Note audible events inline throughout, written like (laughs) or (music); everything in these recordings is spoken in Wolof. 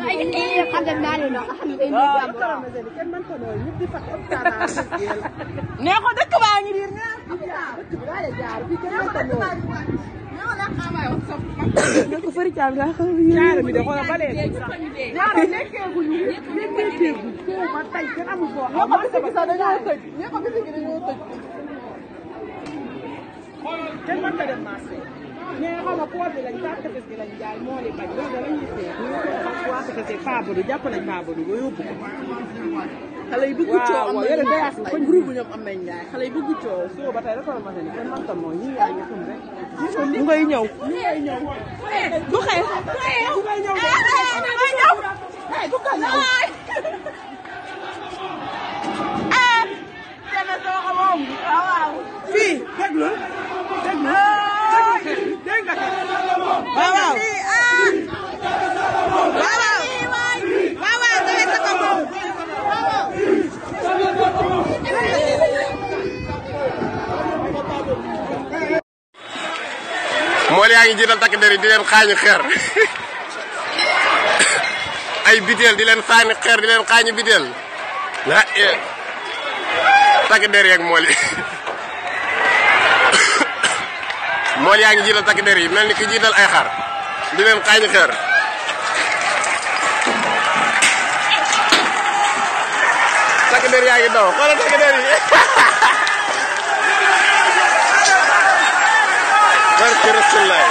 اي قدم مالي لا احمد ناخذ دك بقى ندير ناخذ فري كام لا خاوي نعرف دي خونا بالي نعرف نكيغو نكيغو ما تاي كان ابو فو ما بس انا نعرف نيكو بس كده نوتك كان ما تدم ماسي نيكو ما قوه لان تعرف بس لان جاي مولي بقى ده لا يصير commencé ko see Fabodou jàpp nañ Fabodou ba yóbbu ko. xale yi bëgg coow am nañ ñaar koñ groupe ñoom am soo ba tey rek war ma ne kenn mënta mooy ñi ñu tum ñu ngay ñëw. ñu ngay ñëw. du xeex. du xeex. du ngay ñëw. du mool yaa ngi jiital takk der di leen xaañi xeer ay biteel di leen xaañi xeer di leen xaañi biteel ah takk der yeeg mool mool yaa ngi jiital takk der yi mel ni ki jiital ay xar di leen xaañi xeer takk der yaa ngi daw xoolal takk der (laughs) barke Rasulullah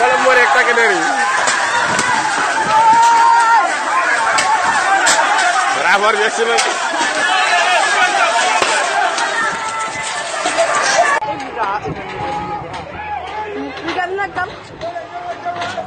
wala moo rek takk der yi bravo merci beaucoup